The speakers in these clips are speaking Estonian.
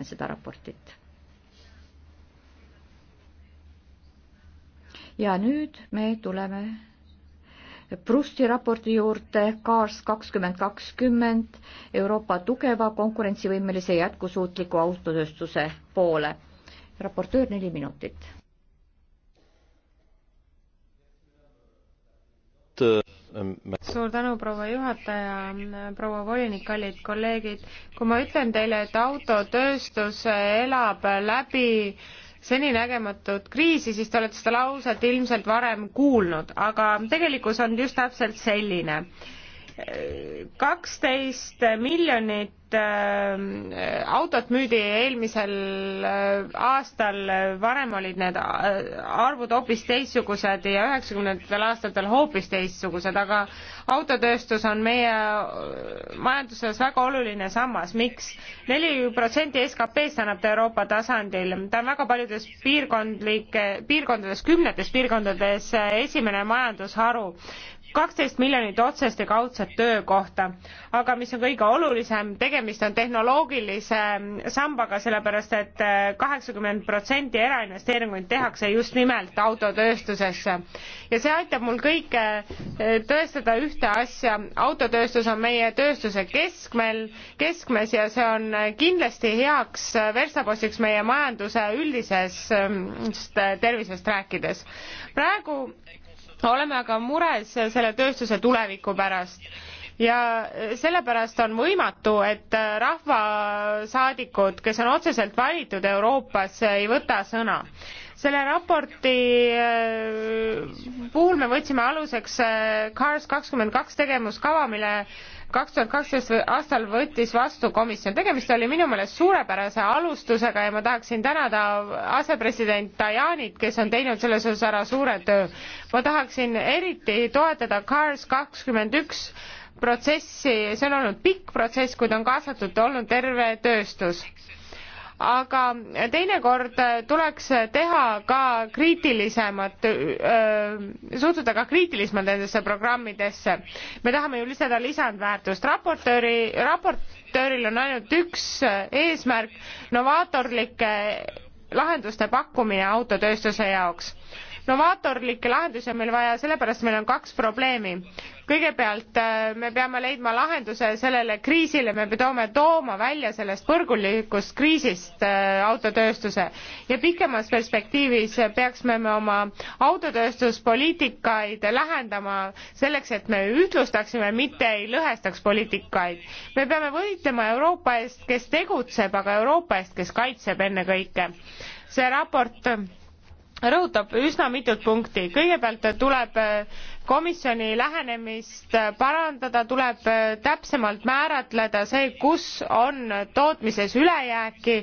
seda raportit. ja nüüd me tuleme Prusti raporti juurde Kaars kakskümmend kakskümmend Euroopa tugeva konkurentsivõimelise jätkusuutliku autotööstuse poole. raportöör neli minutit. Ehm, suur tänu, proua juhataja, proua volinik, kallid kolleegid. kui ma ütlen teile, et autotööstus elab läbi seninägematut kriisi, siis te olete seda lauset ilmselt varem kuulnud, aga tegelikkus on just täpselt selline kaksteist miljonit äh, autot müüdi eelmisel äh, aastal, varem olid need äh, arvud hoopis teistsugused ja üheksakümnendatel aastatel hoopis teistsugused, aga autotööstus on meie majanduses väga oluline sammas miks. miks? neli protsenti SKP-st annab ta Euroopa tasandil, ta on väga paljudes piirkondlike, piirkondades, kümnetes piirkondades esimene majandusharu kaksteist miljonit otsest ja kaudset töökohta. aga mis on kõige olulisem, tegemist on tehnoloogilise ähm, sambaga, sellepärast et äh, kaheksakümmend protsenti erainvesteeringuid tehakse just nimelt autotööstusesse. ja see aitab mul kõike äh, tõestada ühte asja, autotööstus on meie tööstuse keskmel, keskmes ja see on äh, kindlasti heaks verstapostiks meie majanduse üldisest ähm, tervisest rääkides. praegu oleme aga mures selle tööstuse tuleviku pärast ja sellepärast on võimatu, et rahvasaadikud, kes on otseselt valitud Euroopas, ei võta sõna. selle raporti äh, puhul me võtsime aluseks äh, CARS kakskümmend kaks tegevuskava, mille kaks tuhat kaksteist aastal võttis vastu komisjon. tegemist oli minu meelest suurepärase alustusega ja ma tahaksin tänada asepresident Tajanit, kes on teinud selles osas ära suure töö. ma tahaksin eriti toetada CARS kakskümmend üks protsessi, see on olnud pikk protsess, kuid on kaasatud olnud terve tööstus aga teinekord tuleks teha ka kriitilisemat, suhtuda ka kriitilisemalt nendesse programmidesse. me tahame ju lisada lisandväärtust. raportööri, raportööril on ainult üks eesmärk, novaatorlike lahenduste pakkumine autotööstuse jaoks novaatorlikke lahendusi on meil vaja sellepärast meil on kaks probleemi kõigepealt äh, me peame leidma lahenduse sellele kriisile, me peame tooma välja sellest põrgulikust kriisist äh, autotööstuse ja pikemas perspektiivis peaks me oma autotööstuspoliitikaid lähendama selleks, et me ühtlustaksime, mitte ei lõhestaks poliitikaid. me peame võitlema Euroopa eest, kes tegutseb, aga Euroopa eest, kes kaitseb ennekõike. see raport rõhutab üsna mitut punkti kõigepealt tuleb äh, komisjoni lähenemist parandada, tuleb äh, täpsemalt määratleda see, kus on tootmises ülejääki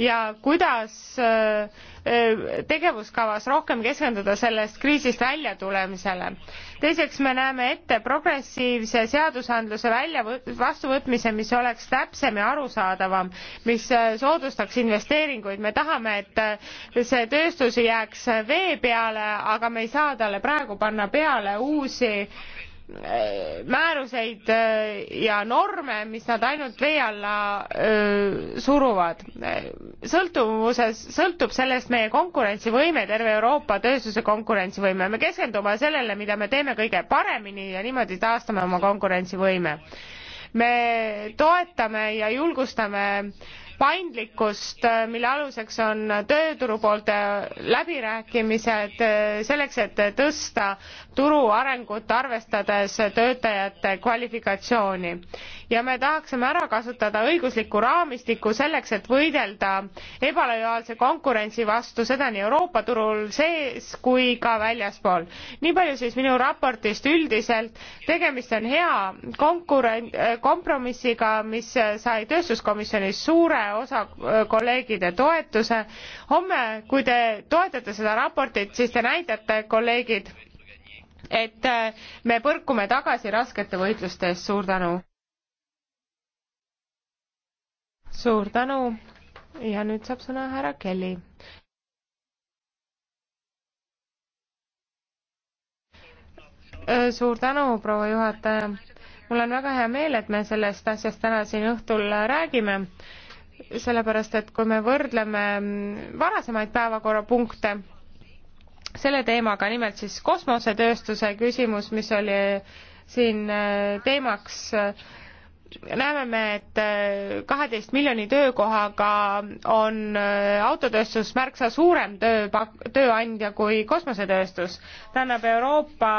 ja kuidas äh, äh, tegevuskavas rohkem keskenduda sellest kriisist väljatulemisele. teiseks me näeme ette progressiivse seadusandluse välja vastuvõtmise, mis oleks täpsem ja arusaadavam, mis soodustaks investeeringuid. me tahame, et see tööstus jääks vee peale, aga me ei saa talle praegu panna peale uusi äh, määruseid äh, ja norme, mis nad ainult vee alla äh, suruvad. sõltuvuses, sõltub sellest meie konkurentsivõime, terve Euroopa tööstuse konkurentsivõime. me keskendume sellele, mida me teeme kõige paremini ja niimoodi taastame oma konkurentsivõime. me toetame ja julgustame äh, paindlikkust, äh, mille aluseks on tööturu poolt äh, läbirääkimised äh, selleks, et tõsta turu arengut, arvestades töötajate kvalifikatsiooni ja me tahaksime ära kasutada õiguslikku raamistikku selleks, et võidelda ebalojaalse konkurentsi vastu, seda nii Euroopa turul sees kui ka väljaspool. nii palju siis minu raportist üldiselt, tegemist on hea konkurent, kompromissiga, mis sai tööstuskomisjonis suure osa äh, kolleegide toetuse. homme, kui te toetate seda raportit, siis te näitate, kolleegid, et äh, me põrkume tagasi raskete võitluste eest, suur tänu! suur tänu ja nüüd saab sõna härra Kelly. Äh, suur tänu, proua juhataja. mul on väga hea meel, et me sellest asjast täna siin õhtul räägime, sellepärast et kui me võrdleme mm, varasemaid päevakorrapunkte selle teemaga, nimelt siis kosmosetööstuse küsimus, mis oli äh, siin äh, teemaks näeme me, et äh, kaheteist miljoni töökohaga on äh, autotööstus märksa suurem tööpak-, tööandja kui kosmosetööstus. tähendab, Euroopa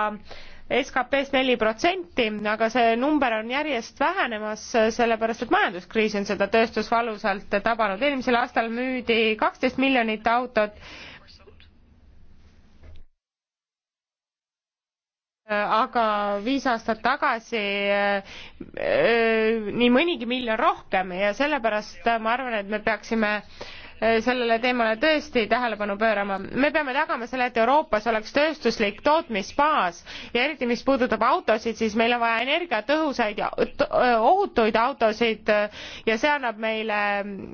SKP-st neli protsenti, aga see number on järjest vähenemas, sellepärast et majanduskriis on seda tööstus valusalt tabanud. eelmisel aastal müüdi kaksteist miljonit autot aga viis aastat tagasi eh, nii mõnigi miljon rohkem ja sellepärast ma arvan, et me peaksime eh, sellele teemale tõesti tähelepanu pöörama. me peame tagama selle, et Euroopas oleks tööstuslik tootmisbaas ja eriti, mis puudutab autosid, siis meil on vaja energiatõhusaid ja ohutuid autosid eh, ja see annab meile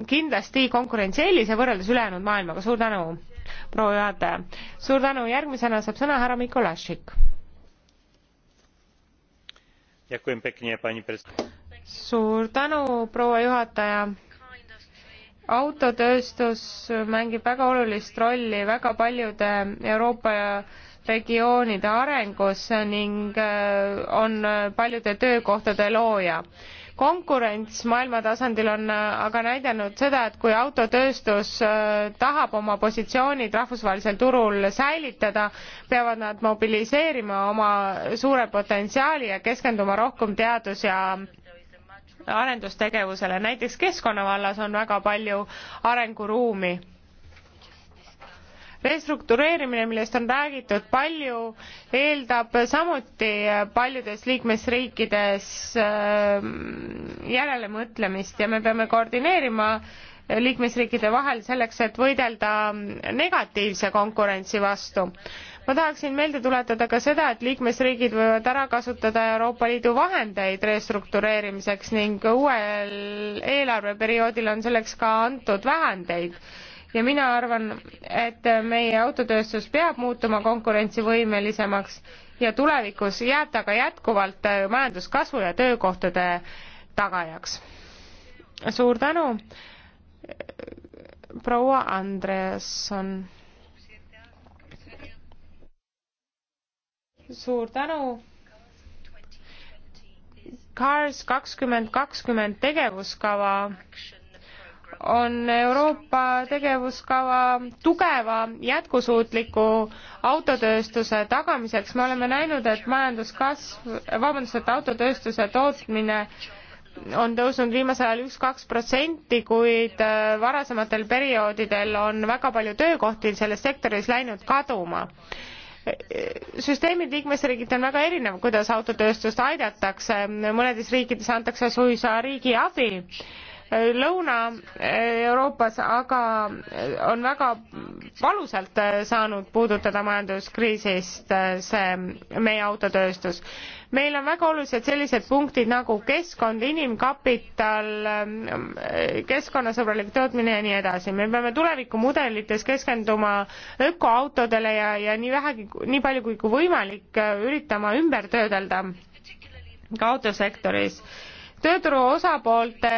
kindlasti konkurentsieelise võrreldes ülejäänud maailmaga. suur tänu, proua juhataja. suur tänu, järgmisena saab sõna härra Mikolašik suur tänu proua juhataja autotööstus mängib väga olulist rolli väga paljude euroopa regioonide arengus ning äh, on paljude töökohtade looja konkurents maailma tasandil on äh, aga näidanud seda, et kui autotööstus äh, tahab oma positsioonid rahvusvahelisel turul säilitada, peavad nad mobiliseerima oma suure potentsiaali ja keskenduma rohkem teadus ja arendustegevusele, näiteks keskkonna vallas on väga palju arenguruumi restruktureerimine, millest on räägitud palju, eeldab samuti paljudes liikmesriikides ähm, järelemõtlemist ja me peame koordineerima liikmesriikide vahel selleks, et võidelda negatiivse konkurentsi vastu. ma tahaksin meelde tuletada ka seda, et liikmesriigid võivad ära kasutada Euroopa Liidu vahendeid restruktureerimiseks ning uuel eelarveperioodil on selleks ka antud vahendeid ja mina arvan, et meie autotööstus peab muutuma konkurentsivõimelisemaks ja tulevikus jääb ta ka jätkuvalt majanduskasvu ja töökohtade tagajaks. suur tänu, proua Andreasson. suur tänu. Cars kakskümmend kakskümmend tegevuskava on Euroopa tegevuskava tugeva jätkusuutliku autotööstuse tagamiseks. me oleme näinud, et majanduskasv, vabandust, et autotööstuse tootmine on tõusnud viimasel ajal üks-kaks protsenti, kuid äh, varasematel perioodidel on väga palju töökohti selles sektoris läinud kaduma süsteemid liikmesriigid on väga erinev, kuidas autotööstust aidatakse, mõnedes riikides antakse suisa riigiabi Lõuna-Euroopas aga on väga valusalt saanud puudutada majanduskriisist see meie autotööstus. meil on väga olulised sellised punktid nagu keskkond, inimkapital, keskkonnasõbralik tootmine ja nii edasi. me peame tulevikumudelites keskenduma ökoautodele ja, ja nii vähegi, nii palju kui, kui võimalik üritama ümber töödelda ka autosektoris tööturu osapoolte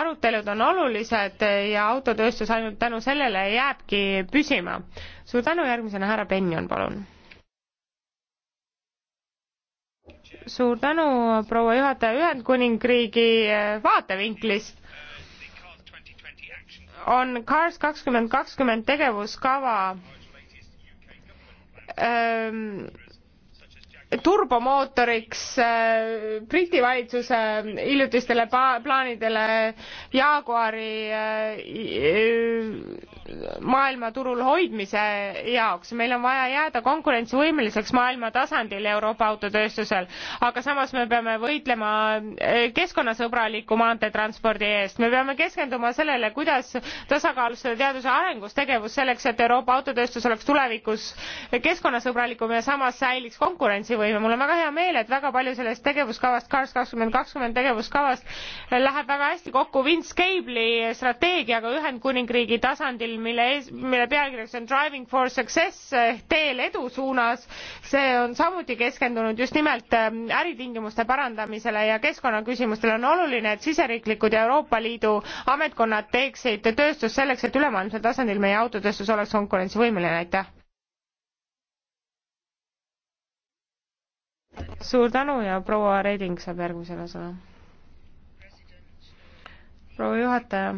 arutelud on olulised ja autotööstus ainult tänu sellele jääbki püsima. suur tänu, järgmisena härra Penjon, palun. suur tänu, proua juhataja, Ühendkuningriigi eh, vaatevinklist on Cars kakskümmend kakskümmend tegevuskava ähm, turbomootoriks äh, Briti valitsuse hiljutistele plaanidele Jaguari äh, maailmaturul hoidmise jaoks meil on vaja jääda konkurentsivõimeliseks maailma tasandil euroopa autotööstusel aga samas me peame võitlema eh, keskkonnasõbraliku maanteetranspordi eest me peame keskenduma sellele kuidas tasakaalustada teaduse arendustegevus selleks et euroopa autotööstus oleks tulevikus keskkonnasõbralikum ja samas säiliks konkurentsivõime mul on väga hea meel et väga palju sellest tegevuskavast cars tegevuskavast eh, läheb väga hästi kokku vince cable'i strateegiaga ühendkuningriigi tasandil mille mis, mille pealkirjaks on Driving for Success ehk teel edu suunas. see on samuti keskendunud just nimelt eh, äritingimuste parandamisele ja keskkonnaküsimustele. on oluline, et siseriiklikud ja Euroopa Liidu ametkonnad teeksid tööstust selleks, et ülemaailmsel tasandil meie autotööstus oleks konkurentsivõimeline. aitäh. suur tänu ja proua Reding saab järgmisena sõna. proua juhataja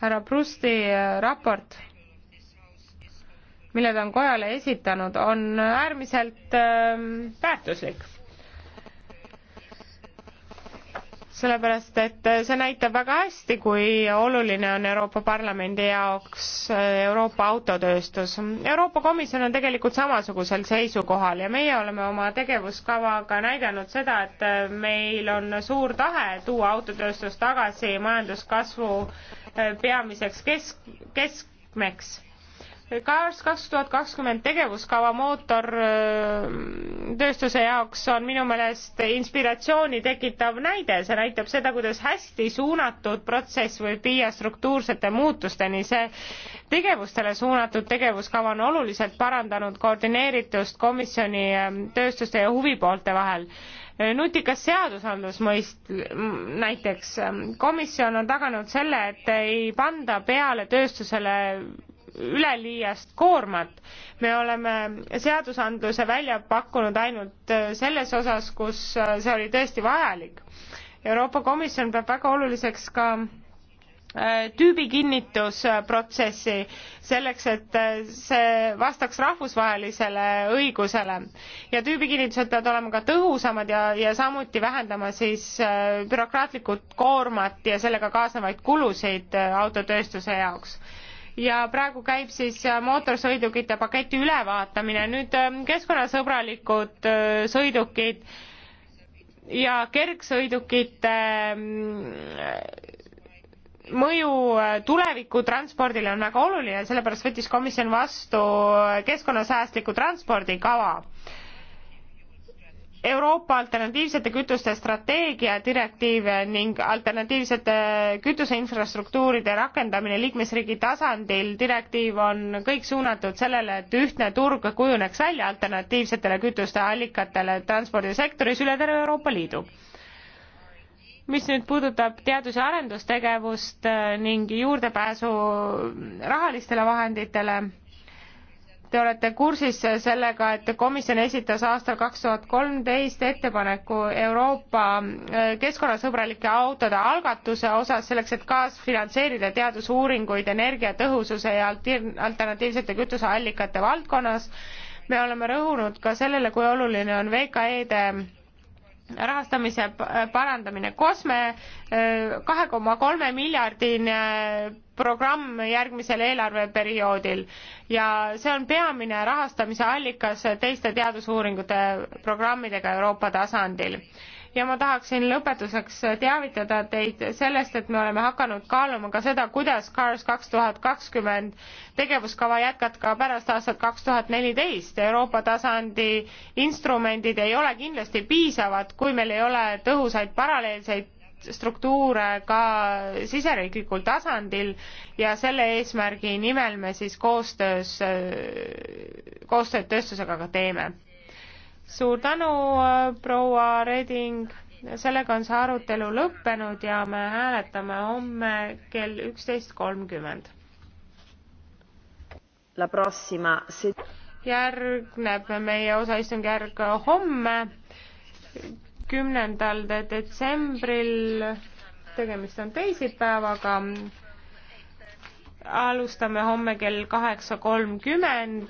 härra Prusti äh, raport, mille ta on kojale esitanud, on äärmiselt ähm, väärtuslik äh, sellepärast, et äh, see näitab väga hästi, kui oluline on Euroopa Parlamendi jaoks äh, Euroopa autotööstus. Euroopa Komisjon on tegelikult samasugusel seisukohal ja meie oleme oma tegevuskavaga näidanud seda, et meil on suur tahe tuua autotööstus tagasi majanduskasvu peamiseks kesk, keskmeks kaks, kaks tuhat kakskümmend tegevuskava mootortööstuse äh, jaoks on minu meelest inspiratsiooni tekitav näide, see näitab seda, kuidas hästi suunatud protsess võib viia struktuursete muutusteni, see tegevustele suunatud tegevuskava on oluliselt parandanud koordineeritust komisjoni äh, tööstuste ja huvipoolte vahel äh, nutikas seadusandlus mõist-, näiteks komisjon on taganud selle, et ei panda peale tööstusele üleliiast koormat. me oleme seadusandluse välja pakkunud ainult äh, selles osas, kus äh, see oli tõesti vajalik. Euroopa Komisjon peab väga oluliseks ka äh, tüübikinnitusprotsessi selleks, et see vastaks rahvusvahelisele õigusele. ja tüübikinnitused peavad olema ka tõhusamad ja, ja samuti vähendama siis bürokraatlikult koormat ja sellega kaasnevaid kulusid autotööstuse jaoks ja praegu käib siis äh, mootorsõidukite paketi ülevaatamine. nüüd ähm, keskkonnasõbralikud äh, sõidukid ja kergsõidukite ähm, äh, mõju tuleviku transpordile on väga oluline, sellepärast võttis komisjon vastu keskkonnasäästliku transpordi kava Euroopa alternatiivsete kütuste strateegia direktiive ning alternatiivsete kütuseinfrastruktuuride rakendamine liikmesriigi tasandil. direktiiv on kõik suunatud sellele, et ühtne turg kujuneks välja alternatiivsetele kütusteallikatele transpordisektoris üle terve Euroopa Liidu mis nüüd puudutab teadus- ja arendustegevust ning juurdepääsu rahalistele vahenditele te olete kursis sellega, et komisjon esitas aastal kaks tuhat kolmteist ettepaneku Euroopa äh, keskkonnasõbralike autode algatuse osas selleks, et kaasfinantseerida teadusuuringuid energiatõhususe ja alternatiivsete kütuseallikate valdkonnas. me oleme rõhunud ka sellele, kui oluline on VKE-de rahastamise parandamine. Kosme äh, kahe koma kolme miljardine äh, programm järgmisel eelarveperioodil ja see on peamine rahastamise allikas teiste teadusuuringute programmidega Euroopa tasandil ja ma tahaksin lõpetuseks teavitada teid sellest, et me oleme hakanud kaaluma ka seda, kuidas CARS kaks tuhat kakskümmend tegevuskava jätkata pärast aastat kaks tuhat neliteist. Euroopa tasandi instrumendid ei ole kindlasti piisavad, kui meil ei ole tõhusaid paralleelseid struktuure ka siseriiklikul tasandil ja selle eesmärgi nimel me siis koostöös, koostööd tööstusega ka teeme suur tänu, äh, proua Reding, sellega on see arutelu lõppenud ja me hääletame homme kell üksteist kolmkümmend. järgneb meie osaistungjärg homme, kümnendal detsembril, tegemist on teisipäevaga alustame homme kell kaheksa kolmkümmend.